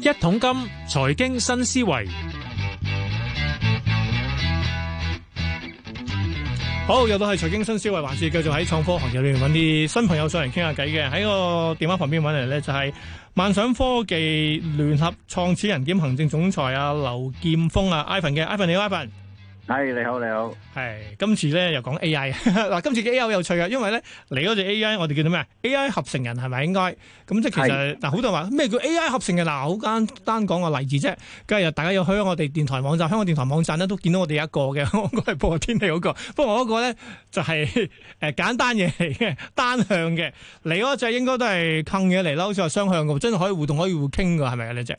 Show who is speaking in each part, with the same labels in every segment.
Speaker 1: 一桶金財經新思維，好，又到係財經新思維，還是繼續喺創科行業裏面，揾啲新朋友上嚟傾下偈嘅。喺個電話旁邊揾嚟咧，就係萬想科技聯合創始人兼行政總裁劉劍峰啊，劉劍鋒啊，Ivan 嘅 Ivan 你好，Ivan。係、哎、你好，你好。係今次咧又講 A I 嗱，今次嘅 A I 好有趣噶，因為咧你嗰隻 A I 我哋叫做咩 A I 合成人係咪應該？咁即係其實嗱，好多人話咩叫 A I 合成人？嗱，好是、啊、簡單講個例子啫。今日大家有去我哋電台網站、香港電台網站咧，都見到我哋一個嘅， 我係播天氣嗰、那個。不過嗰個咧就係、是、誒、呃、簡單嘢嚟嘅，單向嘅。你嗰隻應該都係坑嘢嚟啦，好似係雙向噶，真係可以互動可以互傾噶，係咪啊？你隻？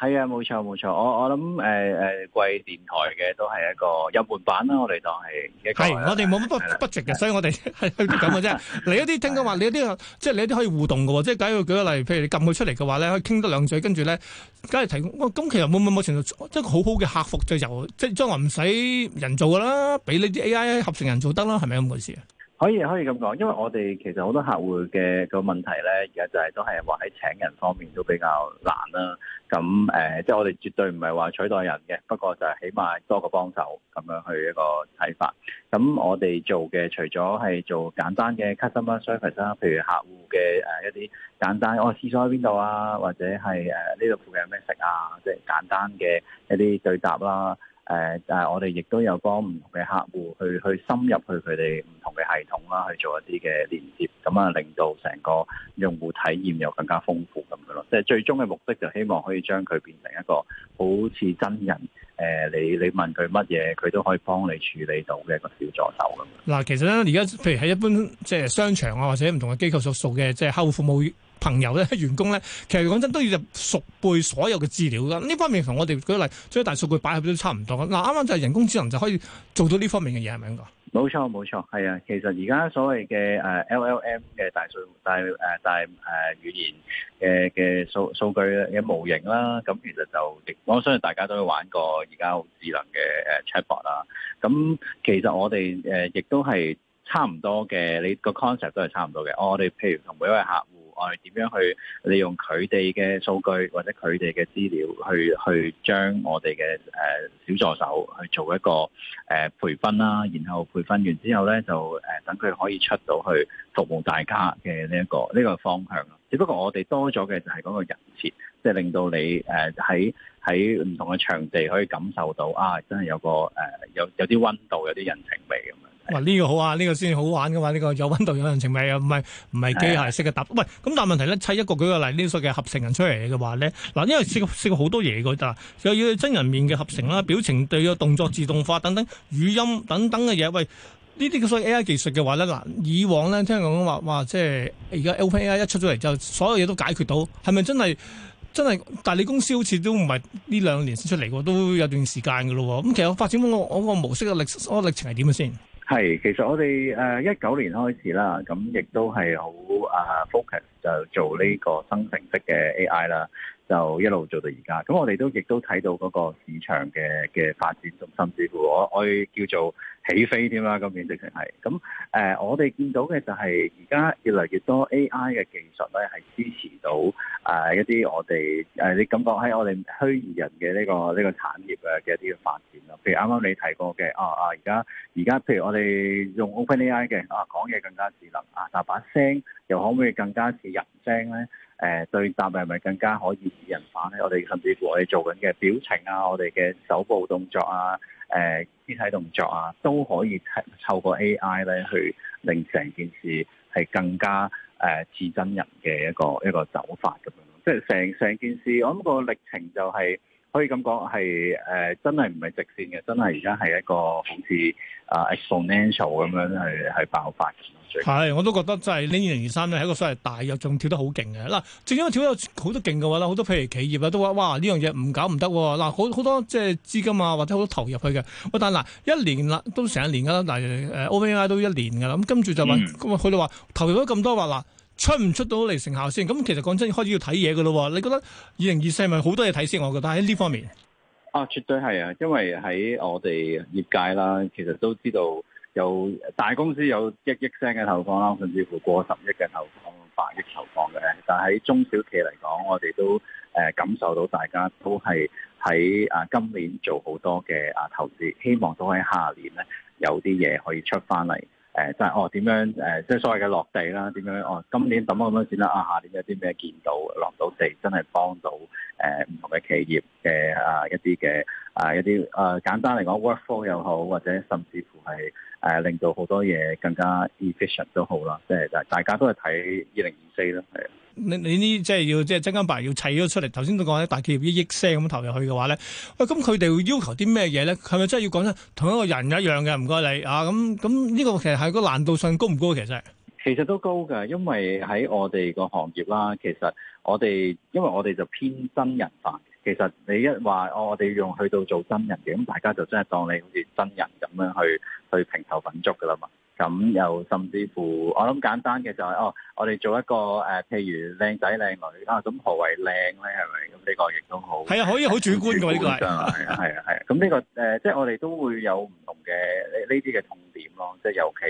Speaker 2: 係啊，冇錯冇錯，我我諗誒誒貴電台嘅都係一個入門版啦，嗯、我哋當係一係，的我哋冇乜
Speaker 1: 不不值嘅，的所以我哋係啲咁嘅啫。你一啲聽講話，你一啲即係你一啲可以互動嘅，即係假如舉個例，譬如你撳佢出嚟嘅話咧，可以傾多兩嘴。跟住咧，梗係提供。咁、啊、其實冇冇冇程度，即、就、係、是、好好嘅客服就由即係將來唔使人做噶啦，俾你啲 A I 合成人做得啦，係咪咁回事啊？
Speaker 2: 可以可以咁講，因為我哋其實好多客戶嘅個問題咧，而家就係都係話喺請人方面都比較難啦、啊。咁誒，即、呃、係、就是、我哋絕對唔係話取代人嘅，不過就係起碼多個幫手咁樣去一個睇法。咁我哋做嘅除咗係做簡單嘅 customer service 啦，譬如客戶嘅誒一啲簡單，我、哦、廁所喺邊度啊，或者係誒呢度附近有咩食啊，即、就、係、是、簡單嘅一啲對答啦、啊。誒誒，呃、但我哋亦都有幫唔同嘅客戶去去，去深入去佢哋唔同嘅系統啦，去做一啲嘅連接，咁啊令到成個用戶體驗又更加豐富咁樣咯。即係最終嘅目的就希望可以將佢變成一個好似真人誒、呃，你你問佢乜嘢，佢都可以幫你處理到嘅一個小助手
Speaker 1: 咁。嗱，其實咧，而家譬如喺一般即係商場啊，或者唔同嘅機構所屬嘅即係客戶服務朋友咧、員工咧，其實講真都要熟背所有嘅資料㗎。呢方面同我哋舉例將大數據擺入都差唔多。嗱，啱啱就係人工智能就可以做到呢方面嘅嘢，係咪咁講？
Speaker 2: 冇錯，冇錯，係啊。其實而家所謂嘅誒、uh, LLM 嘅大數大誒、uh, 大誒語言嘅嘅數數據嘅模型啦，咁其實就我相信大家都會玩過而家好智能嘅誒 chatbot 啦。咁其實我哋誒亦都係差唔多嘅，你個 concept 都係差唔多嘅、哦。我哋譬如同每一位客戶。我哋點樣去利用佢哋嘅數據或者佢哋嘅資料去，去去將我哋嘅誒小助手去做一個誒培訓啦，然後培訓完之後呢，就誒等佢可以出到去服務大家嘅呢一個呢個方向。只不過我哋多咗嘅就係嗰個人設，即係令到你誒喺喺唔同嘅場地可以感受到啊，真係有個誒有有啲溫度，有啲人情味咁樣。
Speaker 1: 呢個好啊！呢個先好玩嘅嘛。呢個有溫度、有人情味，又唔係唔係機械式嘅答。喂，咁但係問題咧，砌一個舉個例，呢啲所謂合成人出嚟嘅話咧，嗱，因為識識好多嘢佢咋，又要真人面嘅合成啦，表情對個動作自動化等等，語音等等嘅嘢。喂，呢啲咁所謂 A I 技術嘅話咧，嗱，以往咧聽講話話即係而家 Open A I 一出咗嚟就所有嘢都解決到，係咪真係真係？但係你公司好似都唔係呢兩年先出嚟喎，都有段時間嘅咯。咁其實發展我我個模式嘅歷歷程係點嘅先？
Speaker 2: 係，其實我哋誒一九年開始啦，咁亦都係好啊 focus 就做呢個生成式嘅 AI 啦。就一路做到而家，咁我哋都亦都睇到嗰個市場嘅嘅發展，甚至乎我，我我叫做起飛添啦，咁樣直情係。咁誒、呃，我哋見到嘅就係而家越嚟越多 AI 嘅技術咧，係支持到啊、呃、一啲我哋誒、呃，你感覺喺我哋虛擬人嘅呢、呢個呢、呢個產業嘅嘅一啲嘅發展咯。譬如啱啱你提過嘅，啊啊，而家而家譬如我哋用 OpenAI 嘅，啊講嘢更加智能啊，嗱把聲又可唔可以更加似人聲咧？誒、呃、對答係咪更加可以擬人化咧？我哋甚至乎我哋做緊嘅表情啊，我哋嘅手部動作啊，誒、呃、肢體動作啊，都可以透過 AI 咧去令成件事係更加誒似、呃、真人嘅一個一個走法咁樣，即係成成件事，我諗個歷程就係、係。可以咁講係誒，真係唔係直線嘅，真係而家係一個好似啊 exponential 咁樣係係爆發
Speaker 1: 嘅。係，我都覺得真係呢二零二三咧係一個所係大所謂大，又仲跳得好勁嘅。嗱，正因為跳得好多勁嘅話咧，好多譬如企業啦都話：哇，呢樣嘢唔搞唔得。嗱，好好多即係、就是、資金啊，或者好多投入去嘅。但嗱，一年啦，都成一年噶啦，嗱誒，OpenAI 都一年噶啦。咁跟住就話，咁佢哋話投入咗咁多話啦。出唔出到嚟成效先？咁其實講真，開始要睇嘢嘅咯。你覺得二零二四咪好多嘢睇先？我覺得喺呢方面，啊，絕
Speaker 2: 對係啊，因為喺我哋業界啦，其實都知道有大公司有一億聲嘅投放啦，甚至乎過十億嘅投放、百億投放嘅。但喺中小企嚟講，我哋都誒感受到大家都係喺啊今年做好多嘅啊投資，希望都喺下年咧有啲嘢可以出翻嚟。誒、呃、就係、是、哦點樣誒即係所謂嘅落地啦，點樣哦今年抌咗咁多錢啦，啊下年有啲咩見到落到地，真係幫到誒唔、呃、同嘅企業嘅啊、呃、一啲嘅啊一啲啊簡單嚟講 workflow 又好，或者甚至乎係誒、呃、令到好多嘢更加 efficient 都好啦，即係就大家都係睇二零二四啦，係。
Speaker 1: 你你呢即係要即係真金白銀要砌咗出嚟。頭先都講咧，大企業一億聲咁投入去嘅話咧，喂、啊，咁佢哋會要求啲咩嘢咧？係咪真係要講得同一個人一樣嘅，唔該你啊。咁咁呢個其實係個難度上高唔高？其實
Speaker 2: 其實都高嘅，因為喺我哋個行業啦，其實我哋因為我哋就偏真人化。其實你一話、哦、我哋用去到做真人嘅，咁大家就真係當你好似真人咁樣去去評頭品足噶啦嘛。咁又甚至乎，我諗簡單嘅就係、是、哦，我哋做一個誒、呃，譬如靚仔靚女啊，咁何謂靚咧？係咪？咁、這、呢個亦都好係啊，可以好主觀㗎呢個係啊，係啊是，係啊， 咁呢、嗯這個誒、呃，即係我哋都會有唔同嘅呢啲嘅痛點咯，即係尤其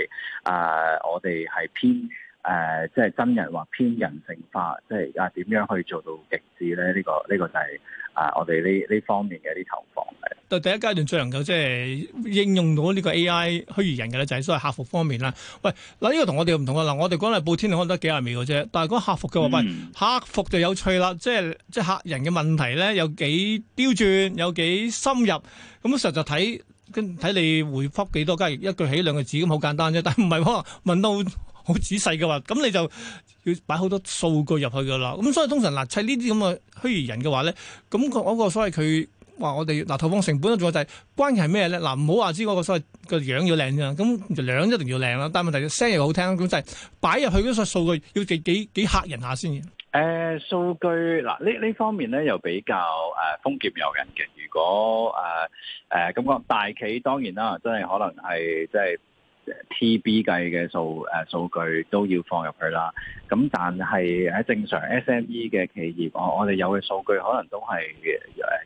Speaker 2: 啊、呃，我哋係偏。誒、呃，即係真人或偏人性化，即係啊，點樣可以做到極致咧？呢、這個呢、這個就係、是、啊、呃，我哋呢呢方面嘅啲投放嘅。
Speaker 1: 對第一階段最能夠即係應用到呢個 A.I. 虛擬人嘅咧，就係所謂客服方面啦。喂，嗱、這、呢個我同我哋唔同啊！嗱，我哋講係報天可能得幾廿秒嘅啫，但係講客服嘅話，喂、嗯，客服就有趣啦，即係即係客人嘅問題咧，有幾刁鑽，有幾深入，咁、嗯、實就睇跟睇你回覆幾多句，一句起兩句止咁好簡單啫。但唔係，問到。好仔細嘅話，咁你就要擺好多數據入去噶啦。咁所以通常嗱，砌呢啲咁嘅虛擬人嘅話咧，咁嗰嗰個所謂佢話我哋嗱投放成本咧，仲有就係、是、關鍵係咩咧？嗱、啊，唔好話知嗰個所謂個樣要靚啫，咁樣一定要靚啦。但問題聲又好聽，咁、啊嗯、就係擺入去嗰個數據要幾幾幾嚇人下先。誒、呃、
Speaker 2: 數據嗱呢呢方面咧又比較誒、呃、豐儉由人嘅。如果誒誒咁講大企當然啦，真係可能係即係。T B 計嘅數誒、啊、數據都要放入去啦，咁但係喺正常 S M E 嘅企業，我我哋有嘅數據可能都係誒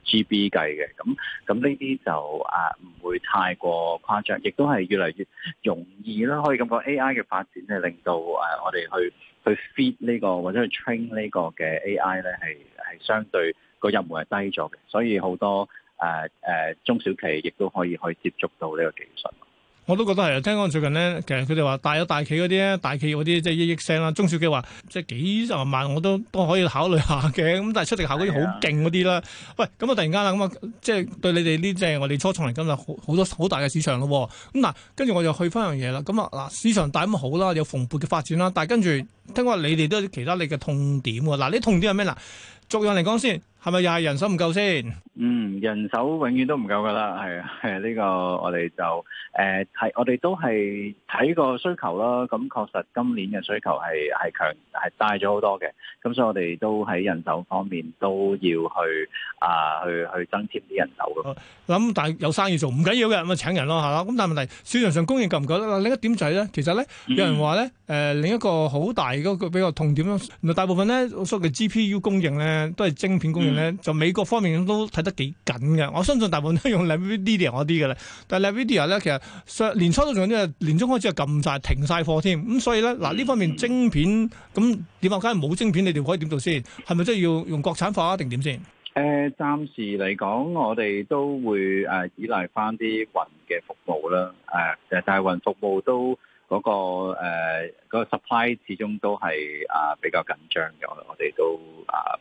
Speaker 2: G B 計嘅，咁咁呢啲就啊唔會太過誇張，亦都係越嚟越容易啦。可以咁講 A I 嘅發展係令到誒、啊、我哋去去 fit 呢、呢個或者去 train 個 AI 呢個嘅 A I 咧係係相對、個入門係低咗嘅，所以好多誒誒、啊啊、中小企亦都可以去接觸到呢個技術。
Speaker 1: 我都覺得係，聽講最近咧，其實佢哋話大有大企嗰啲咧，大企業嗰啲即係一億升啦。中小企話即係幾十萬，我都都可以考慮下嘅。咁但係出力效果要好勁嗰啲啦。的喂，咁、嗯、啊突然間啦，咁、嗯、啊即係對你哋呢即係我哋初創嚟今日好，好多好大嘅市場咯、哦。咁、嗯、嗱，跟、啊、住我就去翻樣嘢啦。咁、嗯、啊嗱，市場大咁好啦，有蓬勃嘅發展啦。但係跟住聽講你哋都有其他你嘅痛點喎。嗱、啊，你痛點係咩嗱？作用嚟講先。係咪又係人手唔夠先？
Speaker 2: 嗯，人手永遠都唔夠噶啦，係啊，係呢個我哋就誒係，我哋都係睇個需求啦。咁確實今年嘅需求係係強係大咗好多嘅。咁所以我哋都喺人手方面都要去啊，去去增添啲人手咯。
Speaker 1: 咁但係有生意做唔緊要嘅，咁啊請人咯吓啦。咁但係問題市場上供應夠唔夠？另外一點就係咧，其實咧有人話咧誒，另一個好大嗰個比較痛點咯。原來大部分咧所謂嘅 G P U 供應咧都係晶片供應。就美國方面都睇得幾緊嘅，我相信大部分都用 l Nvidia 嗰啲嘅啦。但係 Nvidia 咧，其實年初都仲有啲，年中開始就禁晒停晒貨添。咁所以咧，嗱呢、嗯、方面晶片咁點解？梗係冇晶片，你哋可以點做先？係咪真係要用國產化定點先？
Speaker 2: 誒、呃、暫時嚟講，我哋都會誒、呃、依賴翻啲雲嘅服務啦。誒、呃、就係、是、大雲服務都嗰、那個誒嗰、呃那個 supply 始終都係啊、呃、比較緊張嘅。我哋都啊～、呃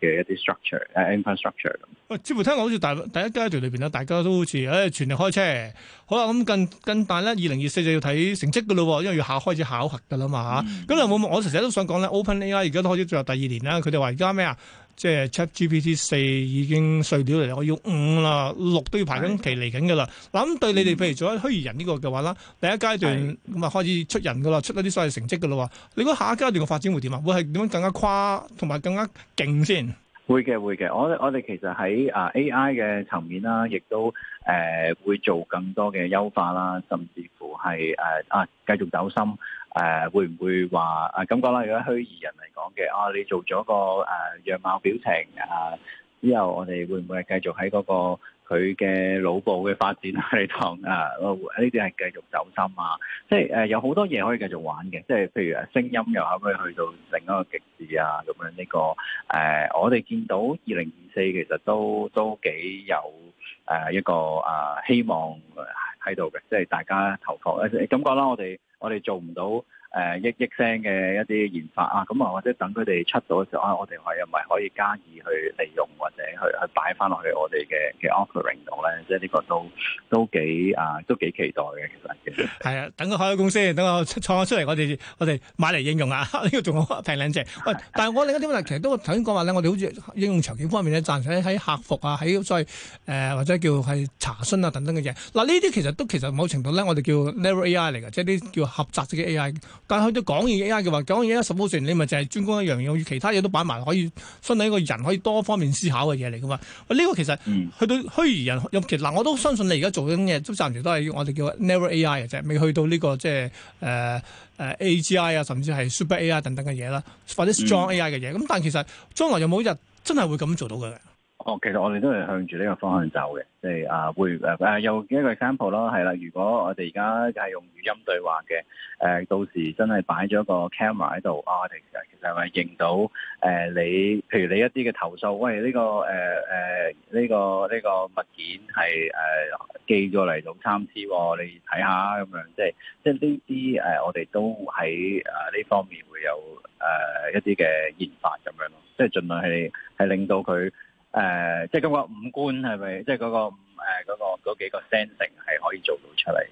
Speaker 2: 嘅一啲 structure，
Speaker 1: 誒 infrastructure 咁。喂，似乎聽講好似大第一階段裏邊咧，大家都好似誒、哎、全力開車。好啦，咁近近但咧，二零二四就要睇成績噶啦，因為要考開始考核噶啦嘛嚇。咁啊、嗯，冇？我成日都想講咧，OpenAI 而家都開始進入第二年啦，佢哋話而家咩啊？即係 ChatGPT 四已經碎掉嚟，我要五啦六都要排緊期嚟緊噶啦。嗱，咁的對你哋，譬如做咗虛擬人呢個嘅話啦，第一階段咁啊開始出人噶啦，出一啲所謂成績噶啦。你覺得下一階段嘅發展會點啊？會係點樣更加誇同埋更加勁先？
Speaker 2: 會嘅會嘅，我我哋其實喺啊 AI 嘅層面啦，亦都誒會做更多嘅優化啦，甚至乎係誒啊繼續走心誒，會唔會話啊咁講啦？如果虛擬人嚟講嘅啊，你做咗個誒樣貌表情啊，之後我哋會唔會係繼續喺嗰個？佢嘅腦部嘅發展係同啊呢啲係繼續走心啊，即係誒有好多嘢可以繼續玩嘅，即係譬如誒聲音又可唔可以去到另一個極致啊？咁樣呢個誒，我哋見到二零二四其實都都幾有誒一個啊希望喺度嘅，即係大家投貨誒感覺啦，我哋我哋做唔到。誒、uh, 一億聲嘅一啲研發啊，咁啊或者等佢哋出到嘅時候，啊、我哋係咪可以加以去利用或者去去擺翻落去我哋嘅嘅 offering 度咧？即係呢個都
Speaker 1: 都幾啊，
Speaker 2: 都幾期待嘅，其實嘅。係
Speaker 1: 啊，等佢開個公司等個創咗出嚟，我哋我哋買嚟應用啊，呢個仲好平靚正。喂，但係我另一點問題，其實都頭先講話咧，我哋好似應用場景方面咧，暫時喺客服啊，喺再誒或者叫係查詢啊等等嘅嘢。嗱呢啲其實都其實某程度咧，我哋叫 narrow AI 嚟㗎，即係啲叫狹窄啲嘅 AI。但去到講嘢 AI 嘅話，講嘢 AI 十好成，你咪淨係專攻一樣嘢，其他嘢都擺埋，可以分享一個人可以多方面思考嘅嘢嚟嘅嘛？呢、這個其實、嗯、去到虛擬人，其實嗱，我都相信你而家做緊嘢都暫時都係我哋叫 never AI 嘅啫，未去到呢、這個即係、呃、誒誒 AGI 啊，甚至係 super AI 等等嘅嘢啦，或者 strong AI 嘅嘢。咁、嗯、但其實將來有冇一日真係會咁做到嘅？
Speaker 2: 哦，其實我哋都係向住呢個方向走嘅，即係啊，會誒誒、啊、又一個 sample 咯，係啦。如果我哋而家係用語音對話嘅，誒、呃、到時真係擺咗個 camera 喺度，啊，我哋其實其實係咪認到誒、呃、你？譬如你一啲嘅投訴，喂，呢、呢個誒誒呢個呢、呢個物件係誒、呃、寄咗嚟做參差，你睇下咁樣，即係即係呢啲誒，我哋都喺誒呢方面會有誒、呃、一啲嘅研發咁樣咯，即係儘量係係令到佢。誒，uh, 即係個五官係咪，即係、那個誒、呃那個幾個嗰幾個 sensing 係可以做到出嚟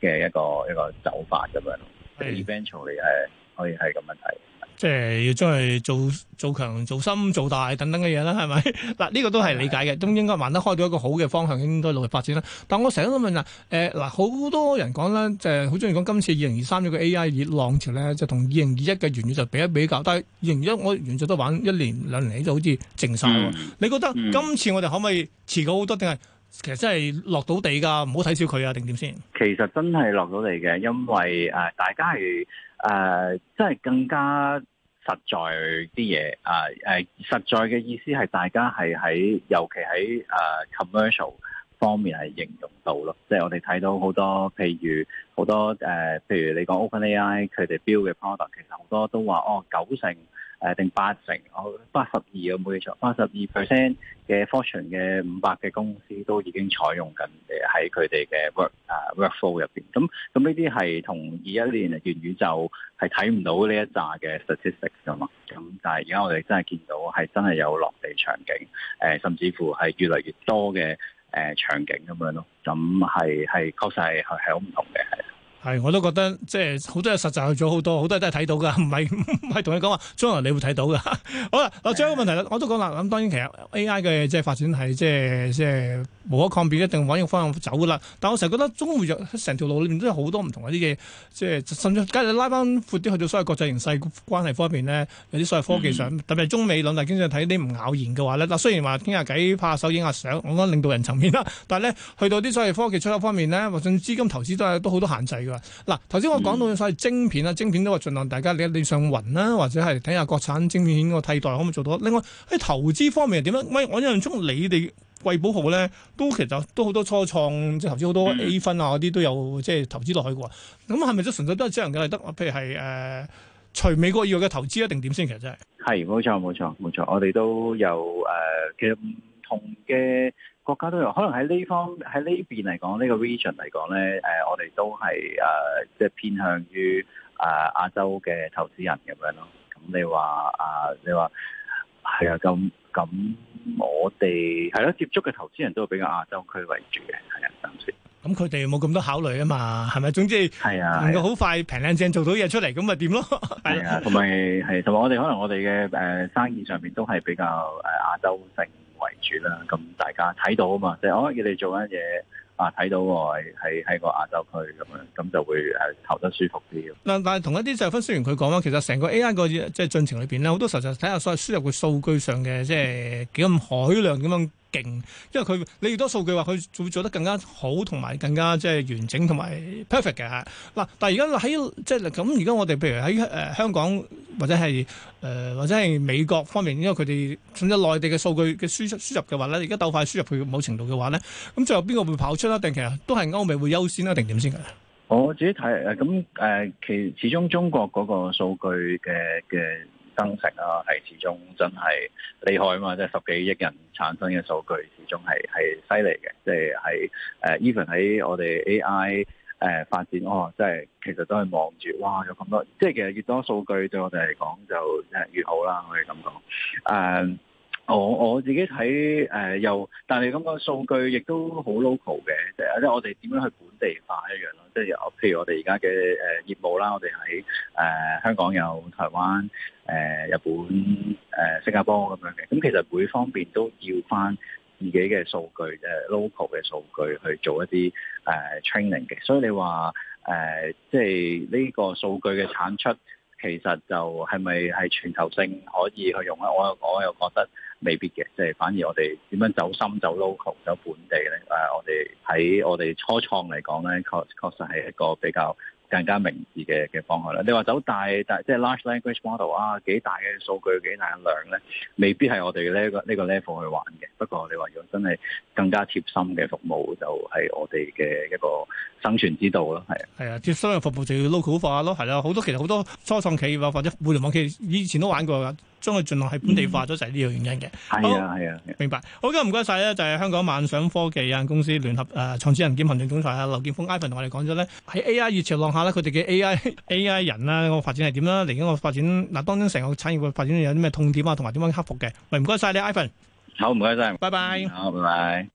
Speaker 2: 嘅一個一個走法咁樣咯，Yes. 即係 eventually 誒、uh,，可以係咁樣睇。
Speaker 1: 即係要將係做做強、做深、做大等等嘅嘢 啦，係咪？嗱，呢個都係理解嘅，都應該玩得開到一個好嘅方向，應該努力發展啦。但我成日都問、呃、啦，誒，嗱，好多人講咧，就係好中意講今次二零二三呢個 A. I. 熱浪潮咧，就同二零二一嘅元宇宙比一比較，但係二零二一我元宇宙都玩一年兩年起就好似淨晒。嗯、你覺得今次我哋可唔可以持久好多，定係其實真係落到地噶？唔好睇小佢啊，定點先？
Speaker 2: 其實真係落到地嘅，因為誒、呃，大家係誒，真、呃、係更加。實在啲嘢啊，誒，實在嘅意思係大家係喺，尤其喺誒、呃、commercial 方面係應用到咯。即係我哋睇到好多，譬如好多誒、呃，譬如你講 OpenAI 佢哋標嘅 product，其實好多都話哦，九成。誒定八成，我八十二，我冇記錯八十二 percent 嘅 fortune 嘅五百嘅公司都已經採用緊誒喺佢哋嘅 work 誒、uh, workflow 入邊。咁咁呢啲係同二一年元宇宙係睇唔到呢一揸嘅 statistics 㗎嘛。咁但係而家我哋真係見到係真係有落地場景，誒甚至乎係越嚟越多嘅誒場景咁樣咯。咁係係確實係係好唔同嘅。
Speaker 1: 係，我都覺得即係好多嘢實習咗好多，好多人都係睇到㗎，唔係唔係同你講話將來你會睇到㗎。 好啦，嗱，最後一個問題啦，嗯、我都講啦，咁當然其實 AI 嘅即係發展係即係即係。無可抗辯一定揾個方向走㗎啦，但我成日覺得中匯入成條路裏面都有好多唔同嘅啲嘢，即係甚至假如拉翻闊啲去到所謂國際形勢關係方面呢，有啲所謂科技上、嗯、特別係中美兩大經濟睇你唔咬然嘅話呢，嗱雖然話傾下偈拍下手影下相，我講領導人層面啦，但係呢，去到啲所謂科技出口方面呢，或者資金投資都係都好多限制㗎。嗱頭先我講到所謂晶片啊，嗯、晶片都話儘量大家你你上雲啦，或者係睇下國產晶片個替代可唔可以做到。另外喺投資方面係點樣？唔係我印象中你哋。貴寶號咧，都其實都好多初創即係投資好多 A 分啊，嗰啲都有，即係投資落去嘅。咁係咪都純粹都係只能夠係得？譬如係誒、除、呃、美國以外嘅投資一定點先？其實真
Speaker 2: 係係冇錯冇錯冇錯，我哋都有誒，其實唔同嘅國家都有。可能喺呢方喺呢邊嚟講呢個 region 嚟講咧，誒、呃、我哋都係誒、呃、即係偏向於誒、呃、亞洲嘅投資人咁樣咯。咁你話啊、呃，你話係啊咁。呃咁、嗯、我哋係咯，接觸嘅投資人都會比較亞洲區為主嘅，係啊，等先。
Speaker 1: 咁佢哋冇咁多考慮啊嘛，係咪？總之係啊，能夠好快平靚正做到嘢出嚟，咁咪點咯？
Speaker 2: 係啊，同埋係，同埋我哋可能我哋嘅誒生意上面都係比較誒亞洲性為主啦。咁大家睇到啊嘛，即係我哋做緊嘢。啊！睇到喎，喺喺個亞洲區咁樣，咁就會誒投得舒服啲。
Speaker 1: 嗱，但係同一啲就係分析員佢講啦，其實成個 A.I. 個即係進程裏邊咧，好多時候就睇下所謂輸入個數據上嘅，即係幾咁海量咁樣。勁，因為佢你越多數據話，佢會做得更加好，同埋更加即係、就是、完整同埋 perfect 嘅。嗱，但係而家喺即係咁，而、就、家、是、我哋譬如喺誒、呃、香港或者係誒、呃、或者係美國方面，因為佢哋從咗內地嘅數據嘅輸出輸入嘅話咧，而家鬥快輸入去，某程度嘅話咧，咁最後邊個會跑出啦？定其實都係歐美會優先啦？定點先嘅？
Speaker 2: 我自己睇誒咁誒，其始終中國嗰個數據嘅嘅。生成啊，係始終真係厲害啊嘛！即係十幾億人產生嘅數據，始終係係犀利嘅，即係係誒，even 喺我哋 A I 誒、呃、發展，哦，即係其實都係望住，哇！有咁多，即係其實越多數據對我哋嚟講就誒越好啦，我哋咁講，誒、呃。我、oh, 我自己睇，誒又，但係你咁個數據亦都好 local 嘅，即係即係我哋點樣去本地化一樣咯。即係譬如我哋而家嘅誒業務啦，我哋喺誒香港有台灣、誒、呃、日本、誒、呃、新加坡咁樣嘅。咁其實每方面都要翻自己嘅數據嘅 local 嘅數據去做一啲誒 training 嘅。所以你話誒，即係呢個數據嘅產出，其實就係咪係全球性可以去用咧？我我又覺得。未必嘅，即係反而我哋點樣走深、走 local、走本地咧？誒、啊，我哋喺我哋初創嚟講咧，確確實係一個比較更加明智嘅嘅方向啦。你話走大大，即係 large language model 啊，幾大嘅數據，幾大，大量咧，未必係我哋呢個呢個 level 去玩嘅。不過你話如果真係更加貼心嘅服務，就係、係、我哋嘅一個生存之道咯，係啊。
Speaker 1: 係啊，貼心嘅服務就要 local 化咯，係啦。好多其實好多初創企業或者互聯網企業以前都玩過噶。將佢盡量係本地化咗，就係呢個原因嘅。係
Speaker 2: 啊的，係啊好，
Speaker 1: 明白。好咁，唔該晒。咧，就係、是、香港萬想科技有限公司聯合誒、呃、創始人兼行政總裁啊，劉建峰。Ivan 同我哋講咗咧，喺 AI 熱潮浪下咧，佢哋嘅 AI AI 人啦個發展係點啦？嚟緊個發展嗱、啊，當中成個產業嘅發展有啲咩痛點啊，同埋點樣克服嘅？喂，唔該晒你，Ivan。
Speaker 2: 好，唔該晒。拜拜 bye。好，拜拜。